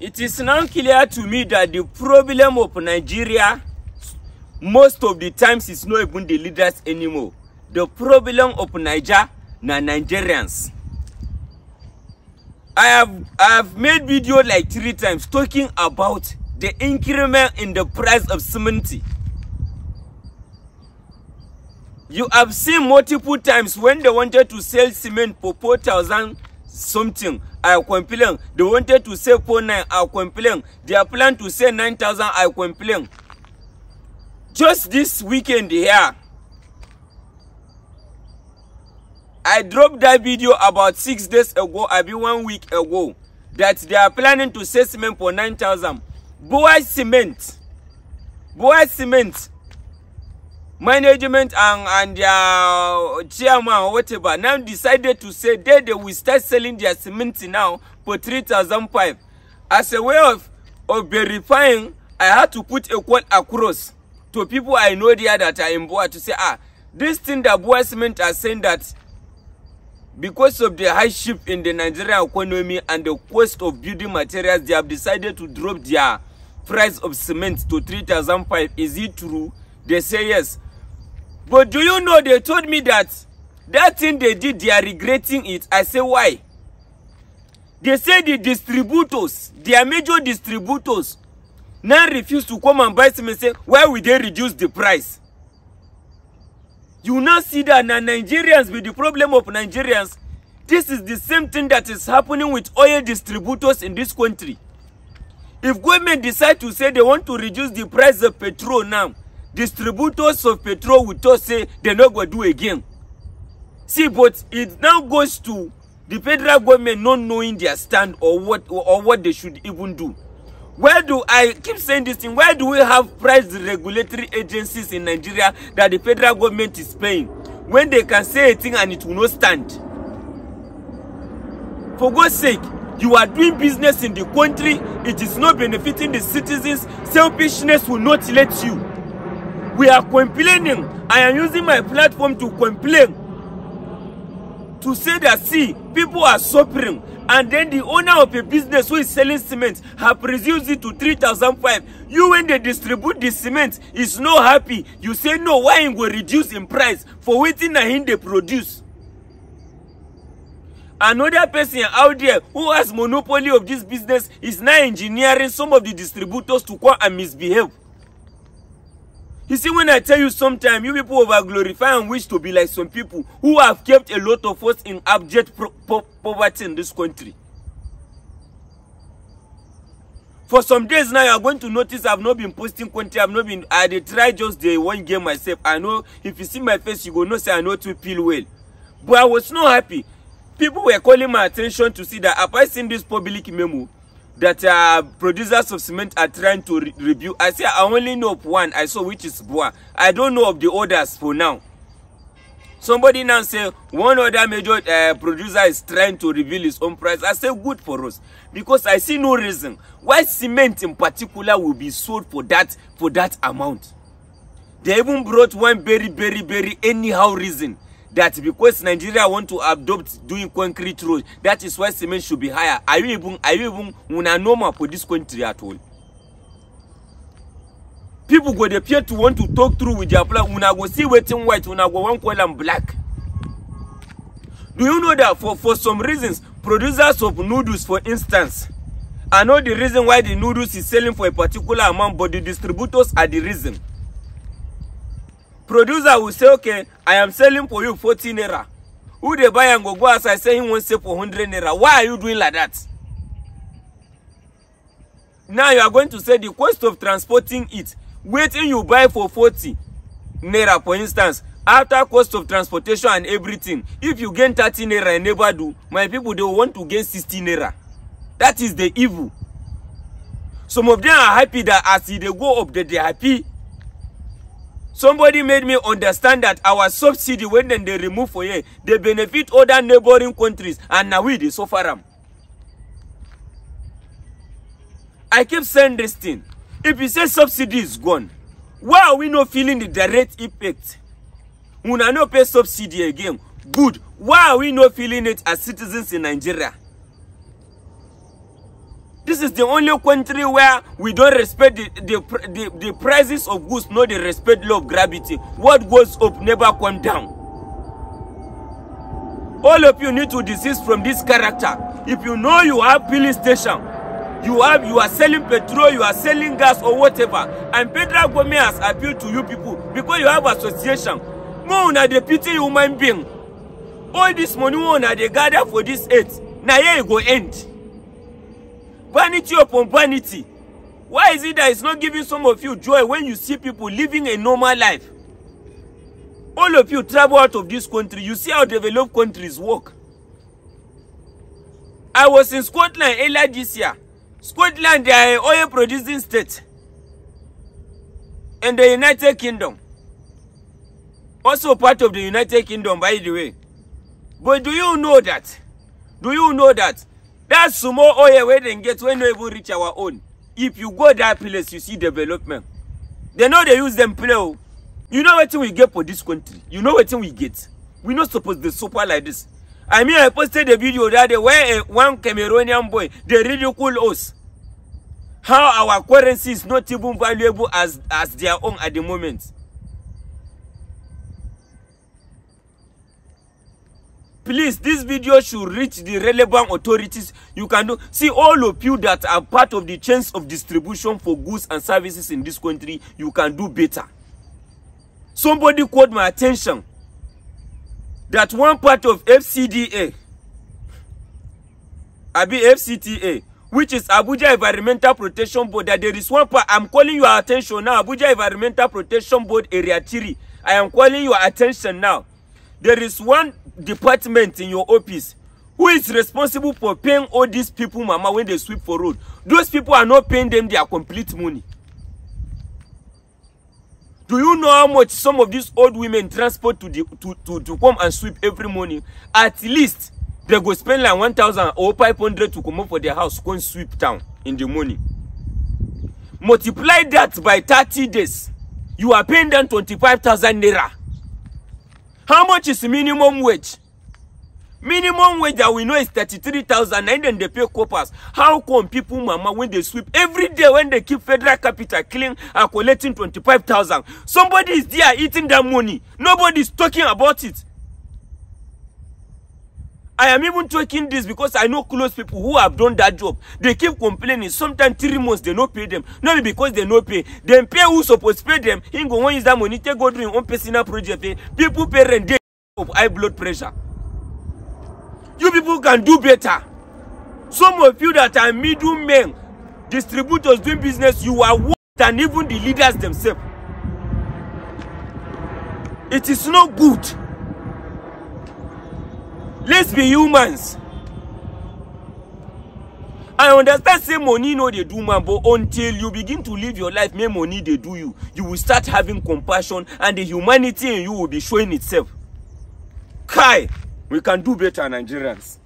It is now clear to me that the problem of Nigeria most of the times is not even the leaders anymore. The problem of Niger na Nigerians. I have, I have made video like three times talking about the increment in the price of cement. You have seen multiple times when they wanted to sell cement for 4,000 something I complain. They wanted to say 49, I complain. Their plan to say 9,000, I complain. Just this weekend here, I dropped that video about six days ago, I be one week ago, that they are planning to sell cement for 9,000. Boy Cement, Boy Cement management and and their uh, chairman or whatever now decided to say they they will start selling their cement now for 3005 as a way of of verifying i had to put a quote across to people i know there that are in boa to say ah this thing that boa cement are saying that because of the high hardship in the nigerian economy and the cost of building materials they have decided to drop their price of cement to 3005 is it true they say yes But do you know they told me that that thing they did, they are regretting it. I say, why? They say the distributors, their major distributors, now refuse to come and buy cement. Say, why will they reduce the price? You now see that now Nigerians, with the problem of Nigerians, this is the same thing that is happening with oil distributors in this country. If government decide to say they want to reduce the price of petrol now, distributors of petrol will us say dem no go do again see but it now goes to the federal government not knowing their stand or what or what they should even do where do i keep saying this thing where do we have price regulatory agencies in nigeria that the federal government is paying when they can say a thing and it will not stand for god's sake you are doing business in the country it is not benefiting the citizens selfishness will not let you We are complaining. I am using my platform to complain. To say that, see, people are suffering. And then the owner of a business who is selling cement have reduced it to 3,005. You, when they distribute the cement, is not happy. You say, no, why it will reduce in price for waiting and they produce. Another person out there who has monopoly of this business is now engineering some of the distributors to come and misbehave. You see, when I tell you sometimes, you people over glorify and wish to be like some people who have kept a lot of us in abject po poverty in this country. For some days now, you are going to notice I've not been posting content. I've not been. I did try just the one game myself. I know if you see my face, you go know say I know to peel well. But I was not happy. People were calling my attention to see that have I seen this public memo? that uh, producers of cement are trying to re review. I say I only know of one I saw which is Boa. I don't know of the others for now. Somebody now say one other major uh, producer is trying to reveal his own price. I say good for us because I see no reason why cement in particular will be sold for that for that amount. They even brought one very very very anyhow reason that because Nigeria want to adopt doing concrete roads, that is why cement should be higher. Are you even, are you even una normal for this country at all? People go there to want to talk through with their plan. Una go see waiting white, una go one call them black. Do you know that for, for some reasons, producers of noodles, for instance, I know the reason why the noodles is selling for a particular amount, but the distributors are the reason producer will say okay i am selling for you 40 naira who the buyer am go go outside say he wan sell for 100 naira why are you doing like that now you are going to say the cost of transporting it wetin you buy for 40 naira for instance after cost of transportation and everything if you gain 30 naira in e neighborhood my people dey want to gain 60 naira that is the evil some of them are happy that as they e go up they are happy somebody made me understand that our subsidy when dem dey remove for here they benefit other neighbouring countries and now we dey suffer am i keep saying this thing if you say subsidy is gone why are we not feeling the direct impact una no pay subsidy again good why are we not feeling it as citizens in nigeria This is the only country where we don't respect the, the, the, the prices of goods, nor the respect law of gravity. What goes up never comes down. All of you need to desist from this character. If you know you have filling station, you have you are selling petrol, you are selling gas or whatever, and Pedro Gomez has appealed to you people because you have association. More na the pity human being. All this money one na they gather for this eight. Now here it go end. Vanity upon vanity. Why is it that it's not giving some of you joy when you see people living a normal life? All of you travel out of this country. You see how developed countries work. I was in Scotland earlier this year. Scotland, they are an oil producing state. And the United Kingdom. Also part of the United Kingdom, by the way. But do you know that? Do you know that that small oil wey dem get wey no even reach our own if you go that place you see development dem no dey use dem play o oh. you know wetin we get for dis country you know wetin we get we no suppose dey suffer like dis i mean i posted a video that day where eh, one cameroonian boy dey ridicule us how our currency is not even valuable as as their own at the moment please this video should reach the relevant authorities you can do see all of you that are part of the chains of distribution for goods and services in this country you can do better somebody caught my attention that one part of fcda abi fcta which is abuja environmental protection board that there is one part i'm calling your attention now abuja environmental protection board area three i am calling your attention now there is one department in your office who is responsible for paying all these people mama when they sweep for road those people are not paying them their complete money do you know how much some of these old women transport to the to to to come and sweep every morning at least they go spend like one thousand or five hundred to up for their house come sweep town in the morning multiply that by thirty days you are paying them twenty-five thousand naira How much is minimum wage? Minimum wage that we know is 33,000 and then they pay coppers. How come people, mama, when they sweep every day when they keep federal capital clean are collecting 25,000? Somebody is there eating that money. Nobody is talking about it. I am even talking this because I know close people who have done that job. They keep complaining. Sometimes three months they no pay them. Not because they no pay. Then pay who supposed pay them. He go one use that money take go do him own personal project. Eh? People pay rent dey of high blood pressure. You people can do better. Some of you that are middle men, distributors doing business, you are worse than even the leaders themselves. It is not good let's be humans i understand say money no dey do man but until you begin to live your life make money dey do you you will start having compassion and the humanity in you will be showing itself kai we can do better nigerians